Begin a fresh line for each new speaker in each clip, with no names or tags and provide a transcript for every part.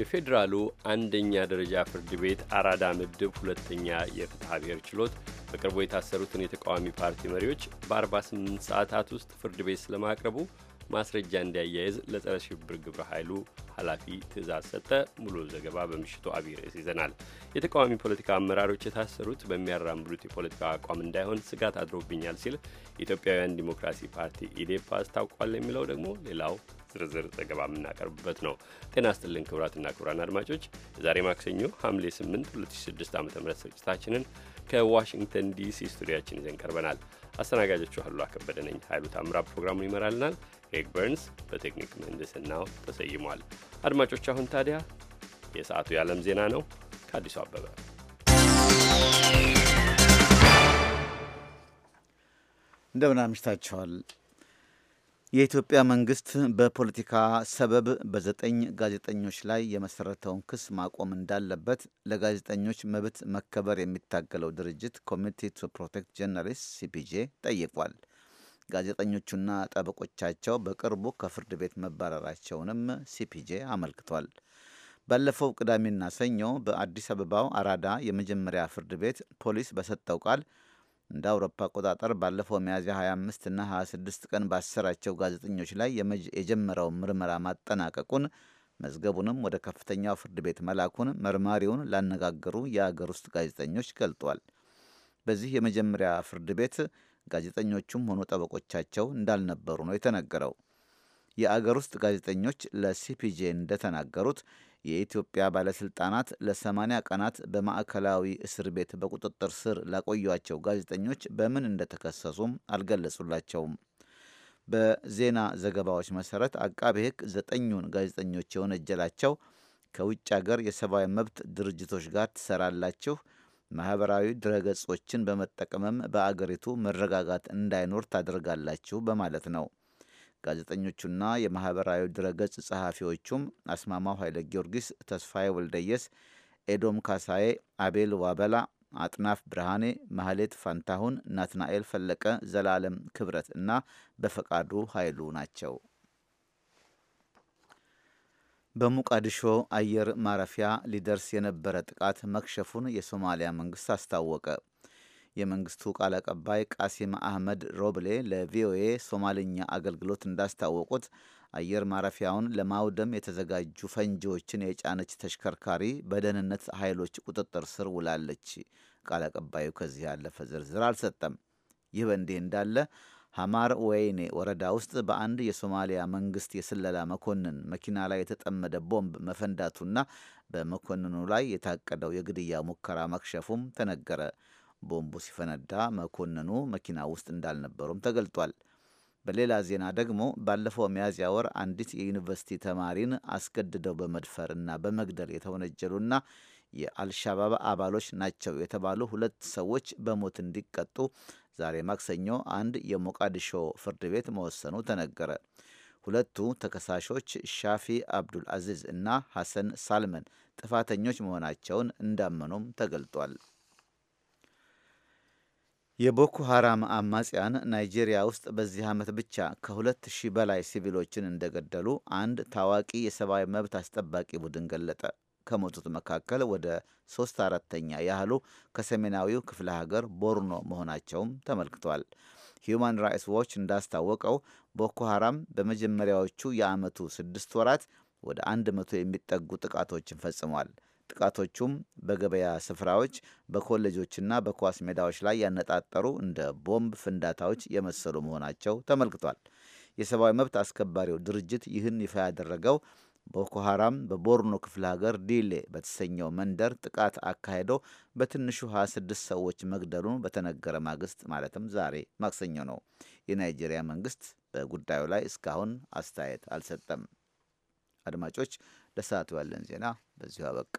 የፌዴራሉ አንደኛ ደረጃ ፍርድ ቤት አራዳ ምድብ ሁለተኛ የፍትሐ ብሔር ችሎት በቅርቡ የታሰሩትን የተቃዋሚ ፓርቲ መሪዎች በ48 ሰዓታት ውስጥ ፍርድ ቤት ስለማቅረቡ ማስረጃ እንዲያያይዝ ለጸረ ሽብር ግብረ ኃይሉ ኃላፊ ትእዛዝ ሰጠ። ሙሉ ዘገባ በምሽቱ አብይ ርዕስ ይዘናል። የተቃዋሚ ፖለቲካ አመራሮች የታሰሩት በሚያራምዱት የፖለቲካ አቋም እንዳይሆን ስጋት አድሮብኛል ሲል የኢትዮጵያውያን ዲሞክራሲ ፓርቲ ኢዴፓ አስታውቋል የሚለው ደግሞ ሌላው ዝርዝር ዘገባ የምናቀርብበት ነው። ጤና ይስጥልን ክቡራትና ክቡራን አድማጮች የዛሬ ማክሰኞ ሐምሌ 8 2006 ዓ ም ስርጭታችንን ከዋሽንግተን ዲሲ ስቱዲያችን ይዘን ቀርበናል። አስተናጋጆቹ አሉላ ከበደ ነኝ። ኃይሉ ታምራ ፕሮግራሙን ይመራልናል። ሄግ በርንስ በቴክኒክ ምህንድስናው ተሰይሟል። አድማጮች፣ አሁን ታዲያ የሰዓቱ የዓለም ዜና ነው ከአዲሱ አበበ
እንደምን አምሽታችኋል። የኢትዮጵያ መንግስት በፖለቲካ ሰበብ በዘጠኝ ጋዜጠኞች ላይ የመሰረተውን ክስ ማቆም እንዳለበት ለጋዜጠኞች መብት መከበር የሚታገለው ድርጅት ኮሚቴ ቱ ፕሮቴክት ጀርናሊስት ሲፒጄ ጠይቋል። ጋዜጠኞቹና ጠበቆቻቸው በቅርቡ ከፍርድ ቤት መባረራቸውንም ሲፒጄ አመልክቷል። ባለፈው ቅዳሜና ሰኞ በአዲስ አበባው አራዳ የመጀመሪያ ፍርድ ቤት ፖሊስ በሰጠው ቃል እንደ አውሮፓ አቆጣጠር ባለፈው ሚያዝያ 25 እና 26 ቀን ባሰራቸው ጋዜጠኞች ላይ የጀመረውን ምርመራ ማጠናቀቁን መዝገቡንም ወደ ከፍተኛው ፍርድ ቤት መላኩን መርማሪውን ላነጋገሩ የአገር ውስጥ ጋዜጠኞች ገልጧል። በዚህ የመጀመሪያ ፍርድ ቤት ጋዜጠኞቹም ሆኑ ጠበቆቻቸው እንዳልነበሩ ነው የተነገረው። የአገር ውስጥ ጋዜጠኞች ለሲፒጄ እንደተናገሩት የኢትዮጵያ ባለሥልጣናት ለ ቀናት በማዕከላዊ እስር ቤት በቁጥጥር ስር ላቆዩቸው ጋዜጠኞች በምን እንደተከሰሱም አልገለጹላቸውም። በዜና ዘገባዎች መሠረት አቃቤ ሕግ ዘጠኙን ጋዜጠኞች የወነጀላቸው ከውጭ አገር የሰብአዊ መብት ድርጅቶች ጋር ትሰራላችሁ ማህበራዊ ድረገጾችን በመጠቀምም በአገሪቱ መረጋጋት እንዳይኖር ታደርጋላችሁ በማለት ነው። ጋዜጠኞቹና የማህበራዊ ድረገጽ ጸሐፊዎቹም አስማማው ኃይለ ጊዮርጊስ፣ ተስፋዬ ወልደየስ፣ ኤዶም ካሳዬ፣ አቤል ዋበላ፣ አጥናፍ ብርሃኔ፣ ማህሌት ፋንታሁን፣ ናትናኤል ፈለቀ፣ ዘላለም ክብረት እና በፈቃዱ ኃይሉ ናቸው። በሞቃዲሾ አየር ማረፊያ ሊደርስ የነበረ ጥቃት መክሸፉን የሶማሊያ መንግስት አስታወቀ። የመንግስቱ ቃል አቀባይ ቃሲም አህመድ ሮብሌ ለቪኦኤ ሶማልኛ አገልግሎት እንዳስታወቁት አየር ማረፊያውን ለማውደም የተዘጋጁ ፈንጂዎችን የጫነች ተሽከርካሪ በደህንነት ኃይሎች ቁጥጥር ስር ውላለች። ቃል አቀባዩ ከዚህ ያለፈ ዝርዝር አልሰጠም። ይህ በእንዲህ እንዳለ ሐማር ወይኔ ወረዳ ውስጥ በአንድ የሶማሊያ መንግስት የስለላ መኮንን መኪና ላይ የተጠመደ ቦምብ መፈንዳቱና በመኮንኑ ላይ የታቀደው የግድያ ሙከራ መክሸፉም ተነገረ። ቦምቡ ሲፈነዳ መኮንኑ መኪና ውስጥ እንዳልነበሩም ተገልጧል። በሌላ ዜና ደግሞ ባለፈው ሚያዝያ ወር አንዲት የዩኒቨርሲቲ ተማሪን አስገድደው በመድፈር እና በመግደል የተወነጀሉና የአልሻባብ አባሎች ናቸው የተባሉ ሁለት ሰዎች በሞት እንዲቀጡ ዛሬ ማክሰኞ አንድ የሞቃዲሾ ፍርድ ቤት መወሰኑ ተነገረ። ሁለቱ ተከሳሾች ሻፊ አብዱል አዚዝ እና ሐሰን ሳልመን ጥፋተኞች መሆናቸውን እንዳመኑም ተገልጧል። የቦኮ ሐራም አማጽያን ናይጄሪያ ውስጥ በዚህ ዓመት ብቻ ከሁለት ሺህ በላይ ሲቪሎችን እንደገደሉ አንድ ታዋቂ የሰብአዊ መብት አስጠባቂ ቡድን ገለጠ። ከሞቱት መካከል ወደ ሶስት አራተኛ ያህሉ ከሰሜናዊው ክፍለ ሀገር ቦርኖ መሆናቸውም ተመልክቷል። ሂዩማን ራይትስ ዎች እንዳስታወቀው ቦኮ ሐራም በመጀመሪያዎቹ የዓመቱ ስድስት ወራት ወደ አንድ መቶ የሚጠጉ ጥቃቶችን ፈጽሟል። ጥቃቶቹም በገበያ ስፍራዎች፣ በኮሌጆችና በኳስ ሜዳዎች ላይ ያነጣጠሩ እንደ ቦምብ ፍንዳታዎች የመሰሉ መሆናቸው ተመልክቷል። የሰብአዊ መብት አስከባሪው ድርጅት ይህን ይፋ ያደረገው ቦኮ ሐራም በቦርኖ ክፍለ ሀገር ዲሌ በተሰኘው መንደር ጥቃት አካሄዶ በትንሹ 26 ሰዎች መግደሉን በተነገረ ማግስት ማለትም ዛሬ ማክሰኞ ነው። የናይጄሪያ መንግስት በጉዳዩ ላይ እስካሁን አስተያየት አልሰጠም። አድማጮች፣ ለሰዓቱ ያለን ዜና በዚሁ አበቃ።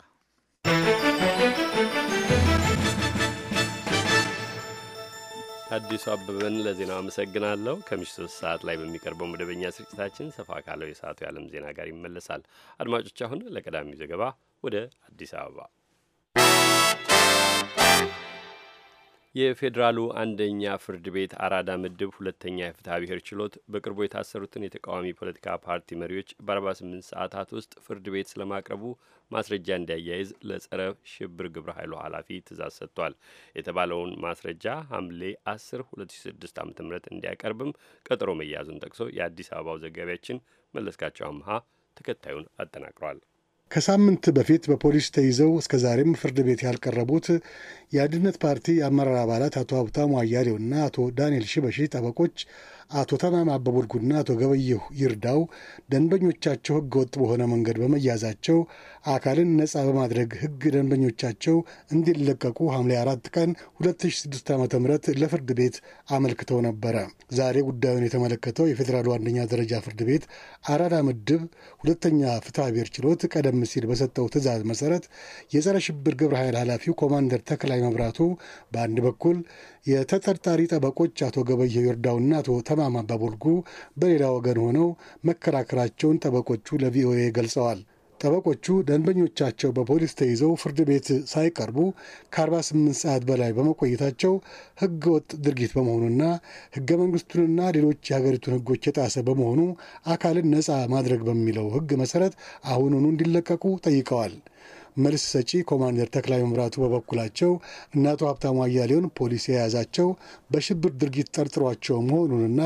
አዲሱ አበበን ለዜናው
አመሰግናለሁ። ከምሽቱ ሶስት ሰዓት ላይ በሚቀርበው መደበኛ ስርጭታችን ሰፋ ካለው የሰዓቱ የዓለም ዜና ጋር ይመለሳል። አድማጮች፣ አሁን ለቀዳሚው ዘገባ ወደ አዲስ አበባ የፌዴራሉ አንደኛ ፍርድ ቤት አራዳ ምድብ ሁለተኛ የፍትሐ ብሔር ችሎት በቅርቡ የታሰሩትን የተቃዋሚ ፖለቲካ ፓርቲ መሪዎች በ48 ሰዓታት ውስጥ ፍርድ ቤት ስለማቅረቡ ማስረጃ እንዲያያይዝ ለጸረ ሽብር ግብረ ኃይሉ ኃላፊ ትእዛዝ ሰጥቷል። የተባለውን ማስረጃ ሐምሌ 10 2006 ዓ ም እንዲያቀርብም ቀጠሮ መያዙን ጠቅሶ የአዲስ አበባው ዘጋቢያችን መለስካቸው አምሃ ተከታዩን አጠናቅሯል።
ከሳምንት በፊት በፖሊስ ተይዘው እስከ ዛሬም ፍርድ ቤት ያልቀረቡት የአንድነት ፓርቲ የአመራር አባላት አቶ ሀብታሙ አያሌውና አቶ ዳንኤል ሽበሺ ጠበቆች አቶ ተማም አበቡልጉና አቶ ገበየሁ ይርዳው ደንበኞቻቸው ህገ ወጥ በሆነ መንገድ በመያዛቸው አካልን ነጻ በማድረግ ህግ ደንበኞቻቸው እንዲለቀቁ ሐምሌ 4 ቀን 2006 ዓ ም ለፍርድ ቤት አመልክተው ነበረ። ዛሬ ጉዳዩን የተመለከተው የፌዴራሉ አንደኛ ደረጃ ፍርድ ቤት አራዳ ምድብ ሁለተኛ ፍትሐ ብሔር ችሎት ቀደም ሲል በሰጠው ትእዛዝ መሰረት የጸረ ሽብር ግብረ ኃይል ኃላፊው ኮማንደር ተክላይ መብራቱ በአንድ በኩል የተጠርጣሪ ጠበቆች አቶ ገበየሁ ይርዳውና አቶ ተማም አባቦልጉ በሌላ ወገን ሆነው መከራከራቸውን ጠበቆቹ ለቪኦኤ ገልጸዋል። ጠበቆቹ ደንበኞቻቸው በፖሊስ ተይዘው ፍርድ ቤት ሳይቀርቡ ከ48 ሰዓት በላይ በመቆየታቸው ሕገ ወጥ ድርጊት በመሆኑና ሕገ መንግስቱንና ሌሎች የሀገሪቱን ሕጎች የጣሰ በመሆኑ አካልን ነፃ ማድረግ በሚለው ሕግ መሰረት አሁኑኑ እንዲለቀቁ ጠይቀዋል። መልስ ሰጪ ኮማንደር ተክላይ መምራቱ በበኩላቸው እነ አቶ ሀብታሙ አያሌውን ፖሊስ የያዛቸው በሽብር ድርጊት ጠርጥሯቸው መሆኑንና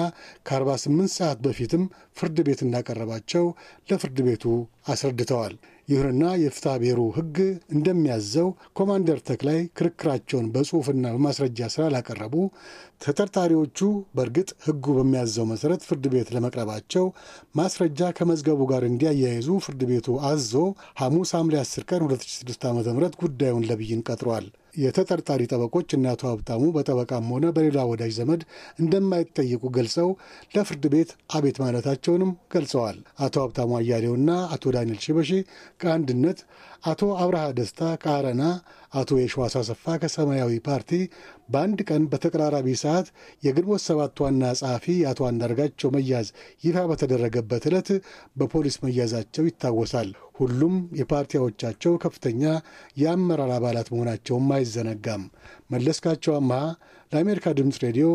ከ48 ሰዓት በፊትም ፍርድ ቤት እንዳቀረባቸው ለፍርድ ቤቱ አስረድተዋል። ይሁንና የፍትሐ ብሔሩ ሕግ እንደሚያዘው ኮማንደር ተክላይ ክርክራቸውን በጽሑፍና በማስረጃ ስላላቀረቡ ተጠርጣሪዎቹ በእርግጥ ሕጉ በሚያዘው መሰረት ፍርድ ቤት ለመቅረባቸው ማስረጃ ከመዝገቡ ጋር እንዲያያይዙ ፍርድ ቤቱ አዞ ሐሙስ ሐምሌ 10 ቀን 2006 ዓ ም ጉዳዩን ለብይን ቀጥሯል። የተጠርጣሪ ጠበቆች እና አቶ ሀብታሙ በጠበቃም ሆነ በሌላ ወዳጅ ዘመድ እንደማይጠየቁ ገልጸው ለፍርድ ቤት አቤት ማለታቸውንም ገልጸዋል። አቶ ሀብታሙ አያሌውና አቶ ዳንኤል ሽበሺ ከአንድነት አቶ አብርሃ ደስታ ከአረና፣ አቶ የሸዋስ አሰፋ ከሰማያዊ ፓርቲ በአንድ ቀን በተቀራራቢ ሰዓት የግንቦት ሰባት ዋና ጸሐፊ የአቶ አንዳርጋቸው መያዝ ይፋ በተደረገበት ዕለት በፖሊስ መያዛቸው ይታወሳል። ሁሉም የፓርቲዎቻቸው ከፍተኛ የአመራር አባላት መሆናቸውም አይዘነጋም። መለስካቸው አምሃ ለአሜሪካ ድምፅ ሬዲዮ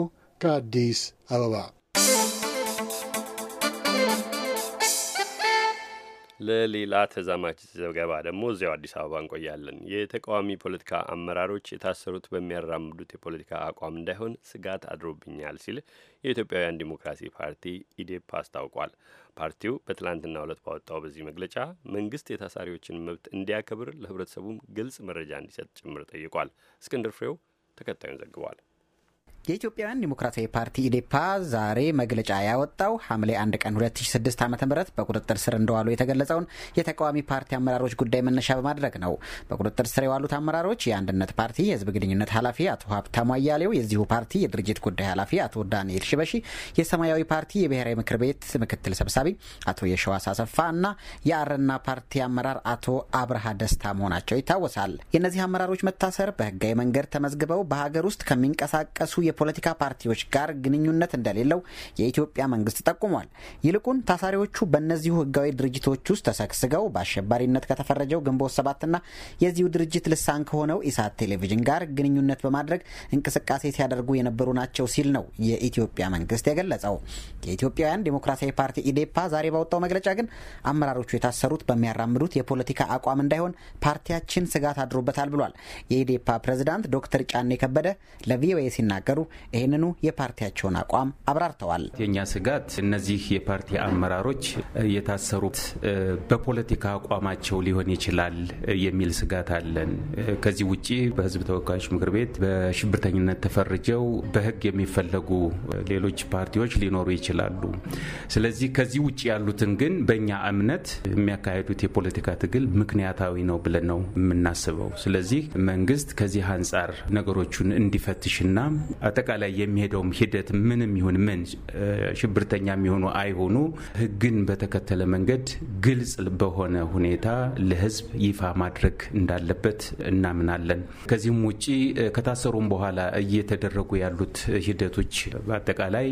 ከአዲስ አበባ
ለሌላ ተዛማች ዘገባ ደግሞ እዚያው አዲስ አበባ እንቆያለን። የተቃዋሚ ፖለቲካ አመራሮች የታሰሩት በሚያራምዱት የፖለቲካ አቋም እንዳይሆን ስጋት አድሮብኛል ሲል የኢትዮጵያውያን ዲሞክራሲ ፓርቲ ኢዴፓ አስታውቋል። ፓርቲው በትላንትና ዕለት ባወጣው በዚህ መግለጫ መንግስት የታሳሪዎችን መብት እንዲያከብር ለህብረተሰቡም ግልጽ መረጃ እንዲሰጥ ጭምር ጠይቋል። እስክንድር ፍሬው ተከታዩን ዘግቧል።
የኢትዮጵያውያን ዴሞክራሲያዊ ፓርቲ ኢዴፓ ዛሬ መግለጫ ያወጣው ሐምሌ 1 ቀን 2006 ዓ ም በቁጥጥር ስር እንደዋሉ የተገለጸውን የተቃዋሚ ፓርቲ አመራሮች ጉዳይ መነሻ በማድረግ ነው። በቁጥጥር ስር የዋሉት አመራሮች የአንድነት ፓርቲ የህዝብ ግንኙነት ኃላፊ አቶ ሀብታሙ አያሌው፣ የዚሁ ፓርቲ የድርጅት ጉዳይ ኃላፊ አቶ ዳንኤል ሽበሺ፣ የሰማያዊ ፓርቲ የብሔራዊ ምክር ቤት ምክትል ሰብሳቢ አቶ የሸዋስ አሰፋ እና የአረና ፓርቲ አመራር አቶ አብርሃ ደስታ መሆናቸው ይታወሳል። የእነዚህ አመራሮች መታሰር በህጋዊ መንገድ ተመዝግበው በሀገር ውስጥ ከሚንቀሳቀሱ የ የፖለቲካ ፓርቲዎች ጋር ግንኙነት እንደሌለው የኢትዮጵያ መንግስት ጠቁሟል። ይልቁን ታሳሪዎቹ በእነዚሁ ህጋዊ ድርጅቶች ውስጥ ተሰግስገው በአሸባሪነት ከተፈረጀው ግንቦት ሰባትና የዚሁ ድርጅት ልሳን ከሆነው ኢሳት ቴሌቪዥን ጋር ግንኙነት በማድረግ እንቅስቃሴ ሲያደርጉ የነበሩ ናቸው ሲል ነው የኢትዮጵያ መንግስት የገለጸው። የኢትዮጵያውያን ዴሞክራሲያዊ ፓርቲ ኢዴፓ ዛሬ ባወጣው መግለጫ ግን አመራሮቹ የታሰሩት በሚያራምዱት የፖለቲካ አቋም እንዳይሆን ፓርቲያችን ስጋት አድሮበታል ብሏል። የኢዴፓ ፕሬዝዳንት ዶክተር ጫኔ ከበደ ለቪኦኤ ሲናገሩ ይህንኑ የፓርቲያቸውን አቋም
አብራርተዋል። የእኛ ስጋት እነዚህ የፓርቲ አመራሮች የታሰሩት በፖለቲካ አቋማቸው ሊሆን ይችላል የሚል ስጋት አለን። ከዚህ ውጭ በህዝብ ተወካዮች ምክር ቤት በሽብርተኝነት ተፈርጀው በህግ የሚፈለጉ ሌሎች ፓርቲዎች ሊኖሩ ይችላሉ። ስለዚህ ከዚህ ውጭ ያሉትን ግን በእኛ እምነት የሚያካሄዱት የፖለቲካ ትግል ምክንያታዊ ነው ብለን ነው የምናስበው። ስለዚህ መንግስት ከዚህ አንጻር ነገሮቹን እንዲፈትሽና አጠቃላይ የሚሄደውም ሂደት ምንም ይሁን ምን ሽብርተኛ የሚሆኑ አይሆኑ ህግን በተከተለ መንገድ ግልጽ በሆነ ሁኔታ ለህዝብ ይፋ ማድረግ እንዳለበት እናምናለን። ከዚህም ውጭ ከታሰሩም በኋላ እየተደረጉ ያሉት ሂደቶች በአጠቃላይ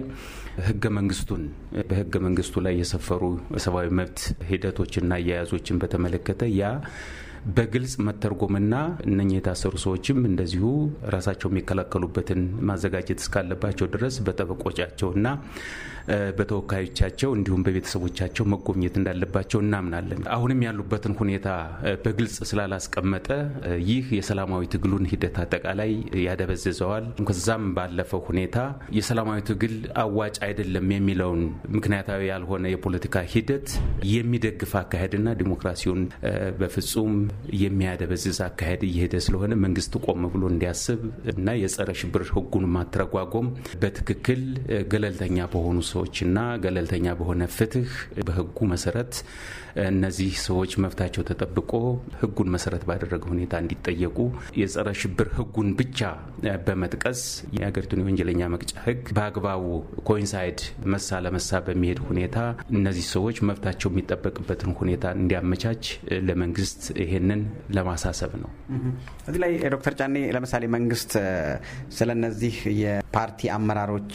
ህገ መንግስቱን በህገ መንግስቱ ላይ የሰፈሩ ሰብአዊ መብት ሂደቶችና አያያዞችን በተመለከተ ያ በግልጽ መተርጎምና እነኚህ የታሰሩ ሰዎችም እንደዚሁ ራሳቸው የሚከላከሉበትን ማዘጋጀት እስካለባቸው ድረስ በጠበቆቻቸውና በተወካዮቻቸው እንዲሁም በቤተሰቦቻቸው መጎብኘት እንዳለባቸው እናምናለን። አሁንም ያሉበትን ሁኔታ በግልጽ ስላላስቀመጠ ይህ የሰላማዊ ትግሉን ሂደት አጠቃላይ ያደበዝዘዋል። ከዛም ባለፈው ሁኔታ የሰላማዊ ትግል አዋጭ አይደለም የሚለውን ምክንያታዊ ያልሆነ የፖለቲካ ሂደት የሚደግፍ አካሄድና ዲሞክራሲውን በፍጹም የሚያደበዝዝ አካሄድ እየሄደ ስለሆነ መንግስት ቆም ብሎ እንዲያስብ እና የጸረ ሽብር ህጉን ማተረጓጎም በትክክል ገለልተኛ በሆኑ ሰዎችና ገለልተኛ በሆነ ፍትህ በህጉ መሰረት እነዚህ ሰዎች መብታቸው ተጠብቆ ህጉን መሰረት ባደረገ ሁኔታ እንዲጠየቁ የጸረ ሽብር ህጉን ብቻ በመጥቀስ የሀገሪቱን የወንጀለኛ መቅጫ ህግ በአግባቡ ኮይንሳይድ መሳ ለመሳ በሚሄድ ሁኔታ እነዚህ ሰዎች መብታቸው የሚጠበቅበትን ሁኔታ እንዲያመቻች ለመንግስት ይሄንን ለማሳሰብ ነው።
እዚህ ላይ ዶክተር ጫኔ ለምሳሌ መንግስት ስለ እነዚህ የፓርቲ አመራሮች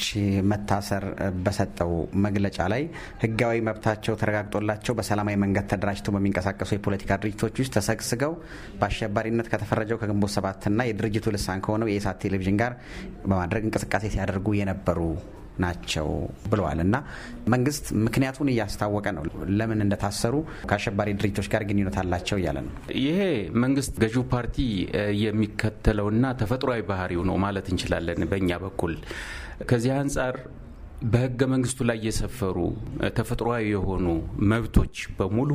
መታሰር በሰጠው መግለጫ ላይ ህጋዊ መብታቸው ተረጋግጦላቸው በሰላማዊ አንገት ተደራጅተው በሚንቀሳቀሱ የፖለቲካ ድርጅቶች ውስጥ ተሰግስገው በአሸባሪነት ከተፈረጀው ከግንቦት ሰባትና የድርጅቱ ልሳን ከሆነው የኢሳት ቴሌቪዥን ጋር በማድረግ እንቅስቃሴ ሲያደርጉ የነበሩ ናቸው ብለዋል። እና መንግስት ምክንያቱን እያስታወቀ ነው። ለምን እንደታሰሩ ከአሸባሪ ድርጅቶች ጋር ግንኙነት አላቸው እያለ ነው።
ይሄ መንግስት ገዢው ፓርቲ የሚከተለውና ተፈጥሯዊ ባህሪው ነው ማለት እንችላለን በእኛ በኩል ከዚህ አንጻር በህገ መንግስቱ ላይ የሰፈሩ ተፈጥሯዊ የሆኑ መብቶች በሙሉ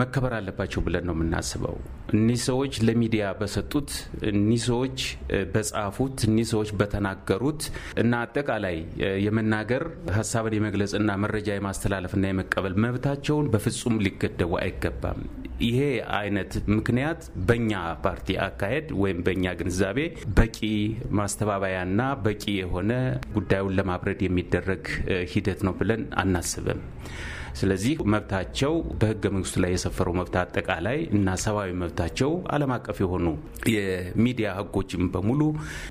መከበር አለባቸው ብለን ነው የምናስበው። እኒህ ሰዎች ለሚዲያ በሰጡት፣ እኒህ ሰዎች በጻፉት፣ እኒህ ሰዎች በተናገሩት እና አጠቃላይ የመናገር ሀሳብን የመግለጽና መረጃ የማስተላለፍና የመቀበል መብታቸውን በፍጹም ሊገደቡ አይገባም። ይሄ አይነት ምክንያት በእኛ ፓርቲ አካሄድ ወይም በእኛ ግንዛቤ በቂ ማስተባበያና በቂ የሆነ ጉዳዩን ለማብረድ የሚደረግ ሂደት ነው ብለን አናስብም። ስለዚህ መብታቸው በህገ መንግስቱ ላይ የሰፈረው መብት አጠቃላይ እና ሰብአዊ መብታቸው ዓለም አቀፍ የሆኑ የሚዲያ ህጎችም በሙሉ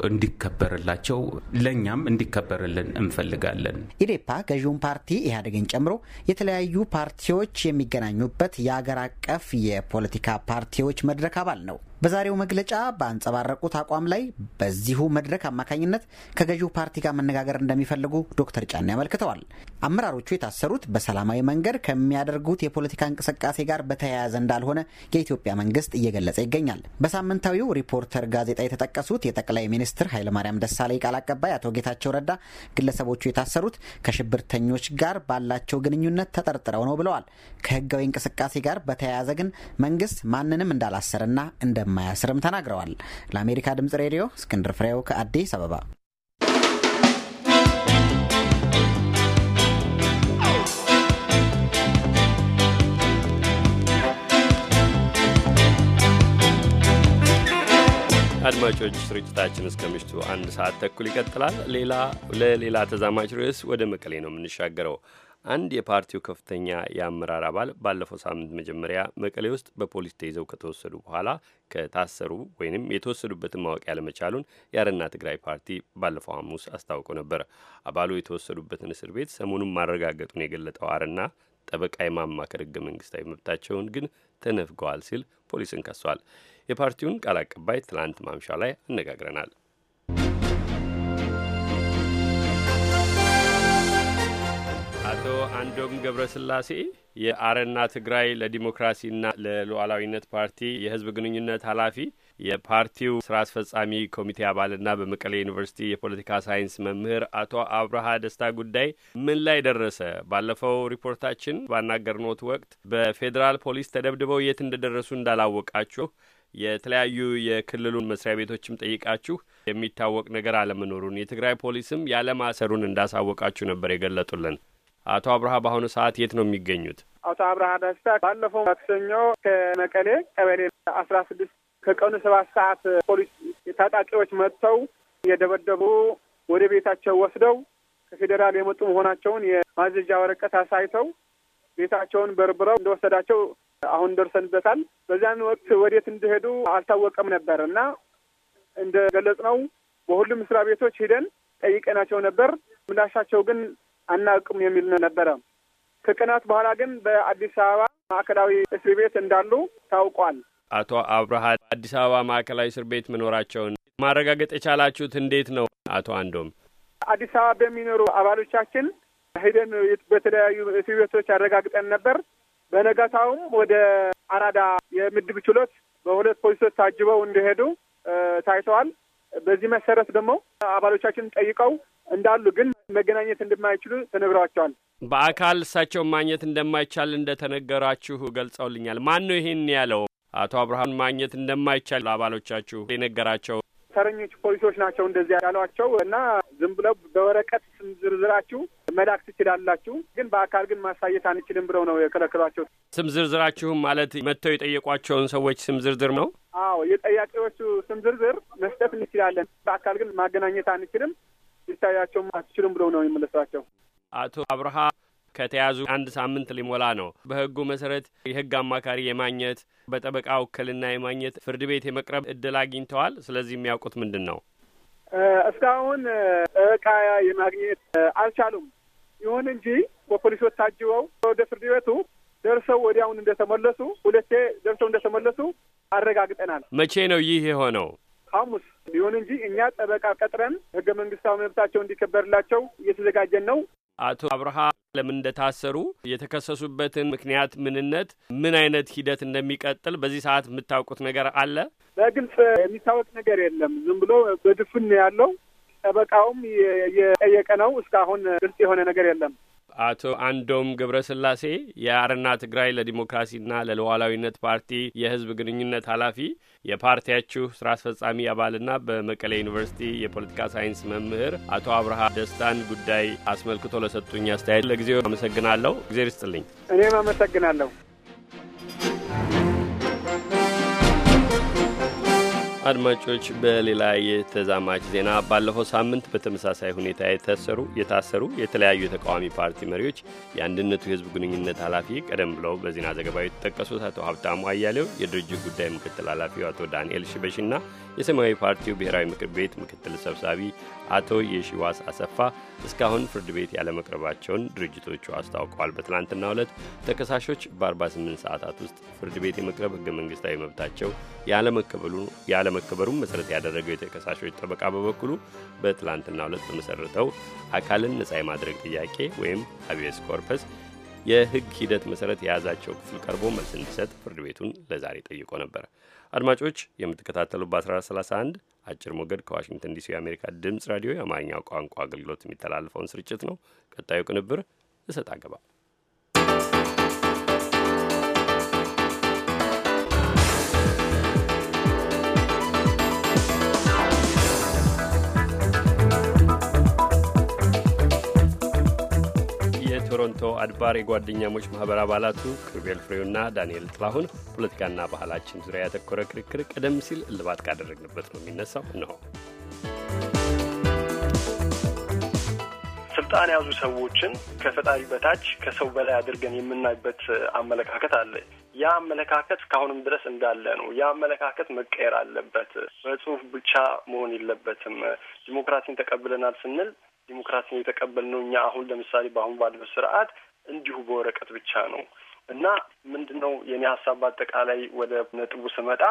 እንዲከበርላቸው ለእኛም እንዲከበርልን እንፈልጋለን።
ኢዴፓ ገዢውን ፓርቲ ኢህአዴግን ጨምሮ የተለያዩ ፓርቲዎች የሚገናኙበት የአገር አቀፍ የፖለቲካ ፓርቲዎች መድረክ አባል ነው። በዛሬው መግለጫ በአንጸባረቁት አቋም ላይ በዚሁ መድረክ አማካኝነት ከገዢው ፓርቲ ጋር መነጋገር እንደሚፈልጉ ዶክተር ጫኔ አመልክተዋል። አመራሮቹ የታሰሩት በሰላማዊ መንገድ ከሚያደርጉት የፖለቲካ እንቅስቃሴ ጋር በተያያዘ እንዳልሆነ የኢትዮጵያ መንግስት እየገለጸ ይገኛል። በሳምንታዊው ሪፖርተር ጋዜጣ የተጠቀሱት የጠቅላይ ሚኒስትር ኃይለማርያም ደሳለኝ ቃል አቀባይ አቶ ጌታቸው ረዳ ግለሰቦቹ የታሰሩት ከሽብርተኞች ጋር ባላቸው ግንኙነት ተጠርጥረው ነው ብለዋል። ከህጋዊ እንቅስቃሴ ጋር በተያያዘ ግን መንግስት ማንንም እንዳላሰረና እንደ እንደማያስርም ተናግረዋል። ለአሜሪካ ድምጽ ሬዲዮ እስክንድር ፍሬው ከአዲስ አበባ።
አድማጮች ስርጭታችን እስከ ምሽቱ አንድ ሰዓት ተኩል ይቀጥላል። ሌላ ለሌላ ተዛማች ርዕስ ወደ መቀሌ ነው የምንሻገረው። አንድ የፓርቲው ከፍተኛ የአመራር አባል ባለፈው ሳምንት መጀመሪያ መቀሌ ውስጥ በፖሊስ ተይዘው ከተወሰዱ በኋላ ከታሰሩ ወይም የተወሰዱበትን ማወቅ ያለመቻሉን የአረና ትግራይ ፓርቲ ባለፈው ሐሙስ አስታውቆ ነበር። አባሉ የተወሰዱበትን እስር ቤት ሰሞኑን ማረጋገጡን የገለጠው አረና ጠበቃ የማማከር ህገ መንግስታዊ መብታቸውን ግን ተነፍገዋል ሲል ፖሊስን ከሷል። የፓርቲውን ቃል አቀባይ ትላንት ማምሻ ላይ አነጋግረናል። አቶ አንዶም ገብረስላሴ የአረና ትግራይ ለዲሞክራሲና ለሉዓላዊነት ፓርቲ የህዝብ ግንኙነት ኃላፊ የፓርቲው ስራ አስፈጻሚ ኮሚቴ አባልና በመቀሌ ዩኒቨርሲቲ የፖለቲካ ሳይንስ መምህር አቶ አብርሃ ደስታ ጉዳይ ምን ላይ ደረሰ? ባለፈው ሪፖርታችን ባናገርኖት ወቅት በፌዴራል ፖሊስ ተደብድበው የት እንደደረሱ እንዳላወቃችሁ የተለያዩ የክልሉን መስሪያ ቤቶችም ጠይቃችሁ የሚታወቅ ነገር አለመኖሩን የትግራይ ፖሊስም ያለማሰሩን እንዳሳወቃችሁ ነበር የገለጡልን። አቶ አብርሃ በአሁኑ ሰዓት የት ነው የሚገኙት?
አቶ አብርሃ ደስታ ባለፈው ማክሰኞ ከመቀሌ ቀበሌ አስራ ስድስት ከቀኑ ሰባት ሰዓት ፖሊስ ታጣቂዎች መጥተው የደበደቡ ወደ ቤታቸው ወስደው ከፌዴራል የመጡ መሆናቸውን የማዘዣ ወረቀት አሳይተው ቤታቸውን በርብረው እንደወሰዳቸው አሁን ደርሰንበታል። በዚያን ወቅት ወዴት እንደሄዱ አልታወቀም ነበር እና እንደገለጽ ነው በሁሉም እስራ ቤቶች ሂደን ጠይቀናቸው ነበር። ምላሻቸው ግን አናውቅም የሚል ነበረ። ከቀናት በኋላ ግን በአዲስ አበባ ማዕከላዊ እስር ቤት እንዳሉ ታውቋል።
አቶ አብርሃ አዲስ አበባ ማዕከላዊ እስር ቤት መኖራቸውን ማረጋገጥ የቻላችሁት እንዴት ነው? አቶ አንዶም
አዲስ አበባ በሚኖሩ አባሎቻችን ሄደን በተለያዩ እስር ቤቶች አረጋግጠን ነበር። በነጋታውም ወደ አራዳ የምድብ ችሎት በሁለት ፖሊሶች ታጅበው እንደሄዱ ታይተዋል። በዚህ መሰረት ደግሞ አባሎቻችን ጠይቀው እንዳሉ ግን መገናኘት እንደማይችሉ ተነግሯቸዋል።
በአካል እሳቸውን ማግኘት እንደማይቻል እንደተነገራችሁ ገልጸውልኛል። ማን ነው ይሄን ያለው? አቶ አብርሃም ማግኘት እንደማይቻል አባሎቻችሁ የነገራቸው
ሰረኞች ፖሊሶች ናቸው እንደዚህ ያሏቸው እና ዝም ብለው በወረቀት ስም ዝርዝራችሁ መላክ ትችላላችሁ፣ ግን በአካል ግን ማሳየት አንችልም ብለው ነው የከለከሏቸው።
ስም ዝርዝራችሁም ማለት መጥተው የጠየቋቸውን ሰዎች ስም ዝርዝር ነው?
አዎ የጠያቂዎቹ ስም ዝርዝር መስጠት እንችላለን፣ በአካል ግን ማገናኘት አንችልም። ሊታያቸውም አትችልም ብለው ነው የመለስራቸው።
አቶ አብርሃ ከተያዙ አንድ ሳምንት ሊሞላ ነው። በህጉ መሰረት የህግ አማካሪ የማግኘት በጠበቃ ውክልና የማግኘት ፍርድ ቤት የመቅረብ እድል አግኝተዋል። ስለዚህ የሚያውቁት ምንድን ነው?
እስካሁን ጠበቃ የማግኘት አልቻሉም። ይሁን እንጂ በፖሊሶች ታጅበው ወደ ፍርድ ቤቱ ደርሰው ወዲያውን እንደተመለሱ ሁለቴ ደርሰው እንደተመለሱ አረጋግጠናል።
መቼ ነው ይህ የሆነው?
ሐሙስ ቢሆን እንጂ እኛ ጠበቃ ቀጥረን ህገ መንግስታዊ መብታቸው እንዲከበርላቸው እየተዘጋጀን ነው።
አቶ አብርሃ ለምን እንደታሰሩ የተከሰሱበትን ምክንያት ምንነት፣ ምን አይነት ሂደት እንደሚቀጥል በዚህ ሰዓት የምታውቁት ነገር አለ?
በግልጽ የሚታወቅ ነገር የለም። ዝም ብሎ በድፍን ያለው ጠበቃውም የጠየቀ ነው። እስካሁን ግልጽ የሆነ ነገር የለም።
አቶ አንዶም ገብረስላሴ የአረና ትግራይ ለዲሞክራሲና ለሉዓላዊነት ፓርቲ የህዝብ ግንኙነት ኃላፊ፣ የፓርቲያችሁ ስራ አስፈጻሚ አባልና በመቀሌ ዩኒቨርሲቲ የፖለቲካ ሳይንስ መምህር አቶ አብርሃ ደስታን ጉዳይ አስመልክቶ ለሰጡኝ አስተያየት ለጊዜው አመሰግናለሁ። እግዜር ይስጥልኝ።
እኔም አመሰግናለሁ።
አድማጮች በሌላ የተዛማች ዜና ባለፈው ሳምንት በተመሳሳይ ሁኔታ የታሰሩ የታሰሩ የተለያዩ የተቃዋሚ ፓርቲ መሪዎች የአንድነቱ የሕዝብ ግንኙነት ኃላፊ ቀደም ብለው በዜና ዘገባ የተጠቀሱት አቶ ሀብታሙ አያሌው የድርጅት ጉዳይ ምክትል ኃላፊው አቶ ዳንኤል ሽበሽና የሰማያዊ ፓርቲው ብሔራዊ ምክር ቤት ምክትል ሰብሳቢ አቶ የሺዋስ አሰፋ እስካሁን ፍርድ ቤት ያለመቅረባቸውን ድርጅቶቹ አስታውቀዋል። በትናንትናው ዕለት ተከሳሾች በ48 ሰዓታት ውስጥ ፍርድ ቤት የመቅረብ ህገ መንግስታዊ መብታቸው ያለመከበሩን መሠረት ያደረገው የተከሳሾች ጠበቃ በበኩሉ በትላንትናው ዕለት በመሠረተው አካልን ነጻ የማድረግ ጥያቄ ወይም አቢየስ ኮርፐስ የህግ ሂደት መሠረት የያዛቸው ክፍል ቀርቦ መልስ እንዲሰጥ ፍርድ ቤቱን ለዛሬ ጠይቆ ነበር። አድማጮች የምትከታተሉ በ1131 አጭር ሞገድ ከዋሽንግተን ዲሲ የአሜሪካ ድምፅ ራዲዮ የአማርኛው ቋንቋ አገልግሎት የሚተላለፈውን ስርጭት ነው። ቀጣዩ ቅንብር እሰጥ አገባ የቶሮንቶ አድባር የጓደኛሞች ማህበር አባላቱ ክሩቤል ፍሬውና ዳንኤል ጥላሁን ፖለቲካና ባህላችን ዙሪያ ያተኮረ ክርክር ቀደም ሲል እልባት ካደረግንበት ነው የሚነሳው ነው።
ስልጣን የያዙ ሰዎችን ከፈጣሪ በታች ከሰው በላይ አድርገን የምናይበት አመለካከት አለ። ያ አመለካከት ከአሁንም ድረስ እንዳለ ነው። ያ አመለካከት መቀየር አለበት። በጽሁፍ ብቻ መሆን የለበትም። ዲሞክራሲን ተቀብለናል ስንል ዲሞክራሲን የተቀበልነው እኛ አሁን ለምሳሌ በአሁን ባለው ስርዓት እንዲሁ በወረቀት ብቻ ነው እና ምንድን ነው የኔ ሀሳብ በአጠቃላይ ወደ ነጥቡ ስመጣ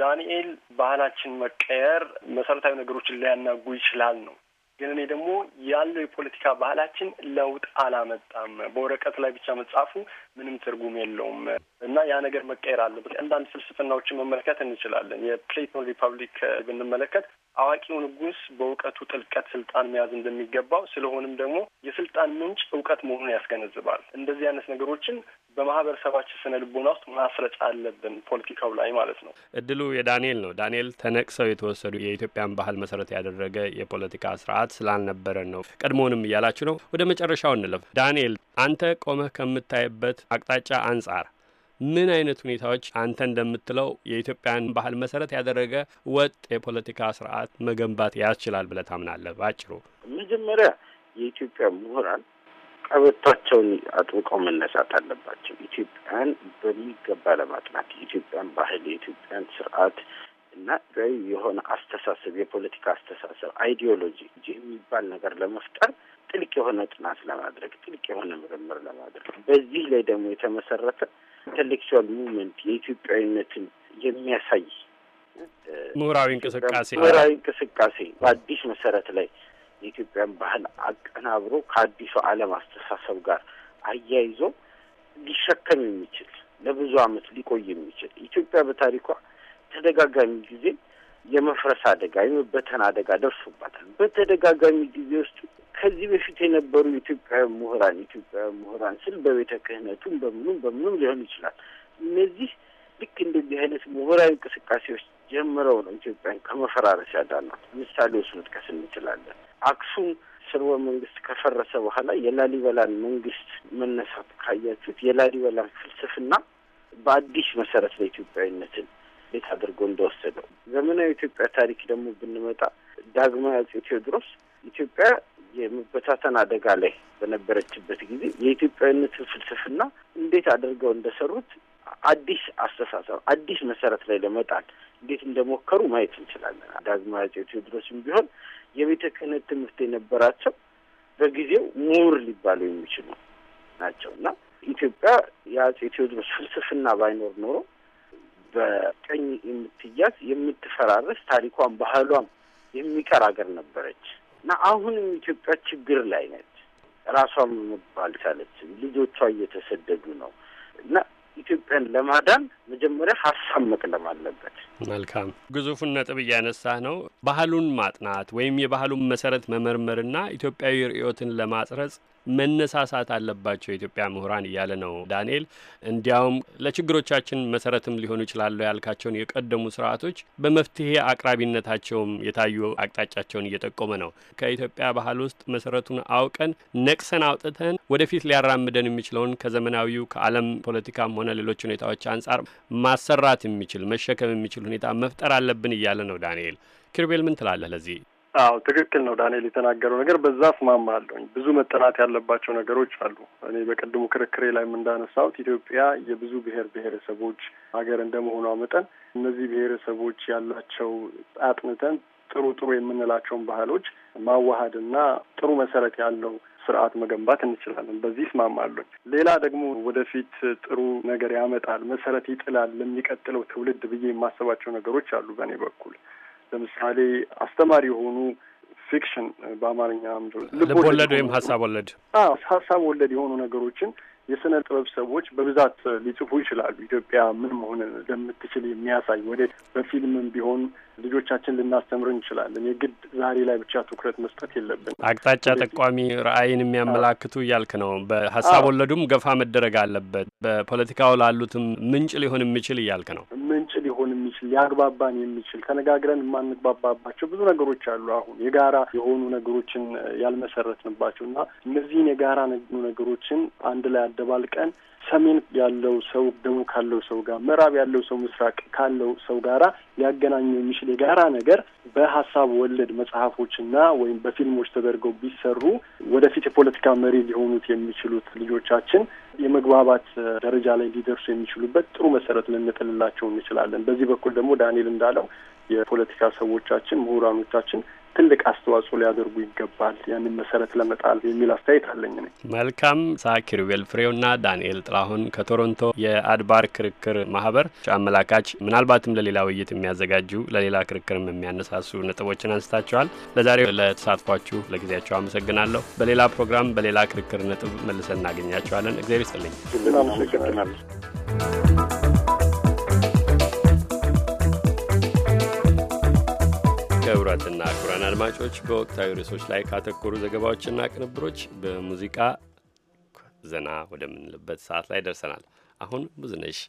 ዳንኤል ባህላችን መቀየር መሰረታዊ ነገሮችን ሊያናጉ ይችላል ነው ግን እኔ ደግሞ ያለው የፖለቲካ ባህላችን ለውጥ አላመጣም። በወረቀት ላይ ብቻ መጻፉ ምንም ትርጉም የለውም እና ያ ነገር መቀየር አለበት። አንዳንድ ፍልስፍናዎችን መመልከት እንችላለን። የፕሌቶን ሪፐብሊክ ብንመለከት አዋቂው ንጉስ በእውቀቱ ጥልቀት ስልጣን መያዝ እንደሚገባው ስለሆንም ደግሞ የስልጣን ምንጭ እውቀት መሆኑን ያስገነዝባል። እንደዚህ አይነት ነገሮችን በማህበረሰባችን ስነ ልቦና ውስጥ ማስረጫ አለብን፣ ፖለቲካው ላይ ማለት ነው።
እድሉ የዳንኤል ነው። ዳንኤል ተነቅሰው የተወሰዱ የኢትዮጵያን ባህል መሰረት ያደረገ የፖለቲካ ስርዓት ስላልነበረን ነው። ቀድሞውንም እያላችሁ ነው። ወደ መጨረሻው እንለፍ። ዳንኤል፣ አንተ ቆመህ ከምታይበት አቅጣጫ አንጻር ምን አይነት ሁኔታዎች አንተ እንደምትለው የኢትዮጵያን ባህል መሰረት ያደረገ ወጥ የፖለቲካ ስርዓት መገንባት ያስችላል ብለህ ታምናለህ? ባጭሩ
መጀመሪያ የኢትዮጵያ ምሁራን ቀበቷቸውን አጥብቀው መነሳት አለባቸው። ኢትዮጵያን በሚገባ ለማጥናት የኢትዮጵያን ባህል፣ የኢትዮጵያን ስርዓት እና ገቢ የሆነ አስተሳሰብ፣ የፖለቲካ አስተሳሰብ፣ አይዲዮሎጂ የሚባል ነገር ለመፍጠር ጥልቅ የሆነ ጥናት ለማድረግ ጥልቅ የሆነ ምርምር ለማድረግ በዚህ ላይ ደግሞ የተመሰረተ ኢንቴሌክቹዋል ሙቭመንት የኢትዮጵያዊነትን የሚያሳይ ምሁራዊ
እንቅስቃሴ ምሁራዊ
እንቅስቃሴ በአዲስ መሰረት ላይ የኢትዮጵያን ባህል አቀናብሮ ከአዲሱ ዓለም አስተሳሰብ ጋር አያይዞ ሊሸከም የሚችል ለብዙ ዓመት ሊቆይ የሚችል ኢትዮጵያ በታሪኳ ተደጋጋሚ ጊዜ የመፍረስ አደጋ የመበተን አደጋ ደርሶባታል። በተደጋጋሚ ጊዜ ውስጥ ከዚህ በፊት የነበሩ ኢትዮጵያዊ ምሁራን ኢትዮጵያዊ ምሁራን ስል በቤተ ክህነቱም በምኑም በምኑም ሊሆን ይችላል። እነዚህ ልክ እንደዚህ አይነት ምሁራዊ እንቅስቃሴዎች ጀምረው ነው ኢትዮጵያን ከመፈራረስ ያዳናት። ውስጥ መጥቀስ እንችላለን። አክሱም ስርወ መንግስት ከፈረሰ በኋላ የላሊበላን መንግስት መነሳት ካያችሁት የላሊበላን ፍልስፍና በአዲስ መሰረት ለኢትዮጵያዊነትን ቤት አድርጎ እንደወሰደው ዘመናዊ ኢትዮጵያ ታሪክ ደግሞ ብንመጣ ዳግማዊ አጼ ቴዎድሮስ ኢትዮጵያ የመበታተን አደጋ ላይ በነበረችበት ጊዜ የኢትዮጵያዊነትን ፍልስፍና እንዴት አድርገው እንደሰሩት አዲስ አስተሳሰብ አዲስ መሰረት ላይ ለመጣል እንዴት እንደሞከሩ ማየት እንችላለን። ዳግማዊ አጼ ቴዎድሮስም ቢሆን የቤተ ክህነት ትምህርት የነበራቸው በጊዜው ምሁር ሊባሉ የሚችሉ ናቸው እና ኢትዮጵያ የአጼ ቴዎድሮስ ፍልስፍና ባይኖር ኖሮ በቀኝ የምትያዝ የምትፈራረስ ታሪኳን ባህሏም የሚቀር ሀገር ነበረች እና አሁንም ኢትዮጵያ ችግር ላይ ነች። ራሷም መባል ልጆቿ እየተሰደዱ ነው እና ኢትዮጵያን ለማዳን መጀመሪያ ሀሳብ መቅደም አለበት።
መልካም ግዙፉን ነጥብ እያነሳ ነው። ባህሉን ማጥናት ወይም የባህሉን መሰረት መመርመርና ኢትዮጵያዊ ርዕዮትን ለማጽረጽ መነሳሳት አለባቸው የኢትዮጵያ ምሁራን እያለ ነው ዳንኤል። እንዲያውም ለችግሮቻችን መሰረትም ሊሆኑ ይችላሉ ያልካቸውን የቀደሙ ስርዓቶች በመፍትሄ አቅራቢነታቸውም የታዩ አቅጣጫቸውን እየጠቆመ ነው። ከኢትዮጵያ ባህል ውስጥ መሰረቱን አውቀን ነቅሰን አውጥተን ወደፊት ሊያራምደን የሚችለውን ከዘመናዊው ከዓለም ፖለቲካም ሆነ ሌሎች ሁኔታዎች አንጻር ማሰራት የሚችል መሸከም የሚችል ሁኔታ መፍጠር አለብን እያለ ነው ዳንኤል። ኪርቤል ምን ትላለህ ለዚህ?
አዎ ትክክል ነው ዳንኤል የተናገረው ነገር በዛ እስማማለሁኝ። ብዙ መጠናት ያለባቸው ነገሮች አሉ። እኔ በቀድሞ ክርክሬ ላይም እንዳነሳሁት ኢትዮጵያ የብዙ ብሔር ብሔረሰቦች ሀገር እንደመሆኗ መጠን እነዚህ ብሔረሰቦች ያላቸው አጥንተን ጥሩ ጥሩ የምንላቸውን ባህሎች ማዋሃድና ጥሩ መሰረት ያለው ስርዓት መገንባት እንችላለን። በዚህ እስማማለሁ። ሌላ ደግሞ ወደፊት ጥሩ ነገር ያመጣል፣ መሰረት ይጥላል ለሚቀጥለው ትውልድ ብዬ የማስባቸው ነገሮች አሉ በእኔ በኩል ለምሳሌ አስተማሪ የሆኑ ፊክሽን በአማርኛ ልብ ወለድ
ወይም ሀሳብ ወለድ
ሀሳብ ወለድ የሆኑ ነገሮችን የስነ ጥበብ ሰዎች በብዛት ሊጽፉ ይችላሉ። ኢትዮጵያ ምን መሆን እንደምትችል የሚያሳይ ወደ በፊልምም ቢሆን ልጆቻችን ልናስተምር እንችላለን። የግድ ዛሬ ላይ ብቻ ትኩረት መስጠት የለብን።
አቅጣጫ ጠቋሚ ራዕይን የሚያመላክቱ እያልክ ነው። በሀሳብ ወለዱም ገፋ መደረግ አለበት። በፖለቲካው ላሉትም ምንጭ ሊሆን የሚችል እያልክ ነው።
ምንጭ የሚችል ሊያግባባን የሚችል ተነጋግረን የማንግባባባቸው ብዙ ነገሮች አሉ። አሁን የጋራ የሆኑ ነገሮችን ያልመሰረትንባቸው እና እነዚህን የጋራ ነገሮችን አንድ ላይ አደባልቀን ሰሜን ያለው ሰው ደቡብ ካለው ሰው ጋር፣ ምዕራብ ያለው ሰው ምስራቅ ካለው ሰው ጋራ ሊያገናኘው የሚችል የጋራ ነገር በሀሳብ ወለድ መጽሐፎችና ወይም በፊልሞች ተደርገው ቢሰሩ ወደፊት የፖለቲካ መሪ ሊሆኑት የሚችሉት ልጆቻችን የመግባባት ደረጃ ላይ ሊደርሱ የሚችሉበት ጥሩ መሰረት ልንጥልላቸው እንችላለን። በዚህ በኩል ደግሞ ዳንኤል እንዳለው የፖለቲካ ሰዎቻችን፣ ምሁራኖቻችን ትልቅ አስተዋጽኦ ሊያደርጉ ይገባል ያንን መሰረት ለመጣል የሚል አስተያየት አለኝ። ነኝ።
መልካም ሳኪሩቤል ፍሬውና ዳንኤል ጥላሁን ከቶሮንቶ የአድባር ክርክር ማህበር አመላካች፣ ምናልባትም ለሌላ ውይይት የሚያዘጋጁ ለሌላ ክርክርም የሚያነሳሱ ነጥቦችን አንስታችኋል። ለዛሬው ለተሳትፏችሁ ለጊዜያቸው አመሰግናለሁ። በሌላ ፕሮግራም በሌላ ክርክር ነጥብ መልሰን እናገኛቸዋለን። እግዚአብሔር ይስጥልኝ። ክቡራትና ክቡራን አድማጮች በወቅታዊ ርዕሶች ላይ ካተኮሩ ዘገባዎችና ቅንብሮች በሙዚቃ ዘና ወደምንልበት ሰዓት ላይ ደርሰናል። አሁን ብዙነሽ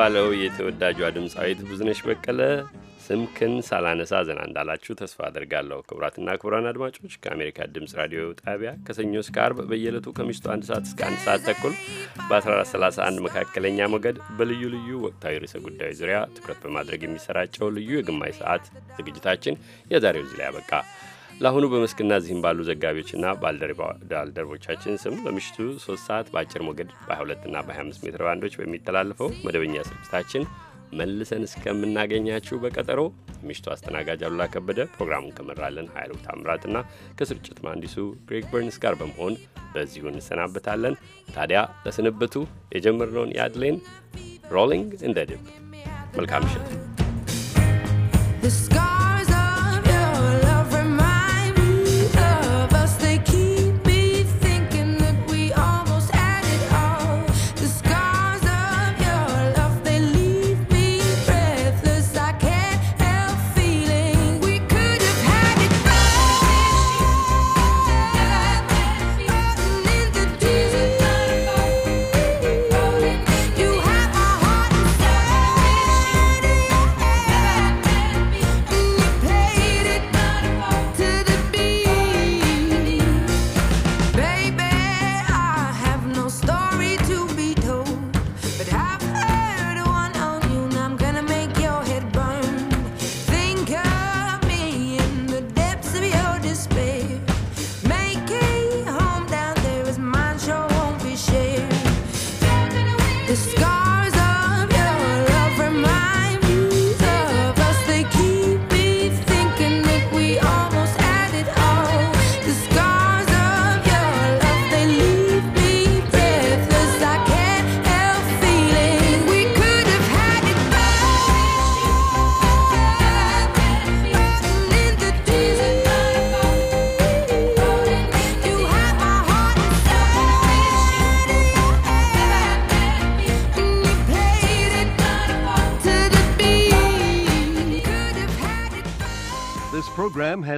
የተባለው የተወዳጇ ድምፃዊት ብዙነሽ በቀለ ስምክን ሳላነሳ ዘና እንዳላችሁ ተስፋ አድርጋለሁ። ክቡራትና ክቡራን አድማጮች ከአሜሪካ ድምፅ ራዲዮ ጣቢያ ከሰኞ እስከ አርብ በየዕለቱ ከምሽቱ አንድ ሰዓት እስከ አንድ ሰዓት ተኩል በ1431 መካከለኛ ሞገድ በልዩ ልዩ ወቅታዊ ርዕሰ ጉዳዮች ዙሪያ ትኩረት በማድረግ የሚሰራጨው ልዩ የግማሽ ሰዓት ዝግጅታችን የዛሬው እዚህ ላይ ያበቃ። ለአሁኑ በመስክና ዚህም ባሉ ዘጋቢዎችና ባልደረቦቻችን ስም በምሽቱ ሶስት ሰዓት በአጭር ሞገድ በ22ና በ25 ሜትር ባንዶች በሚተላለፈው መደበኛ ስርጭታችን መልሰን እስከምናገኛችሁ በቀጠሮ ምሽቱ አስተናጋጅ አሉላ ከበደ ፕሮግራሙን ከመራለን ኃይሉ ታምራትና ከስርጭት መሐንዲሱ ግሬግ በርንስ ጋር በመሆን በዚሁ እንሰናበታለን። ታዲያ ለስንብቱ የጀመርነውን የአድሌን ሮሊንግ እንደ ድብ መልካም ምሽት።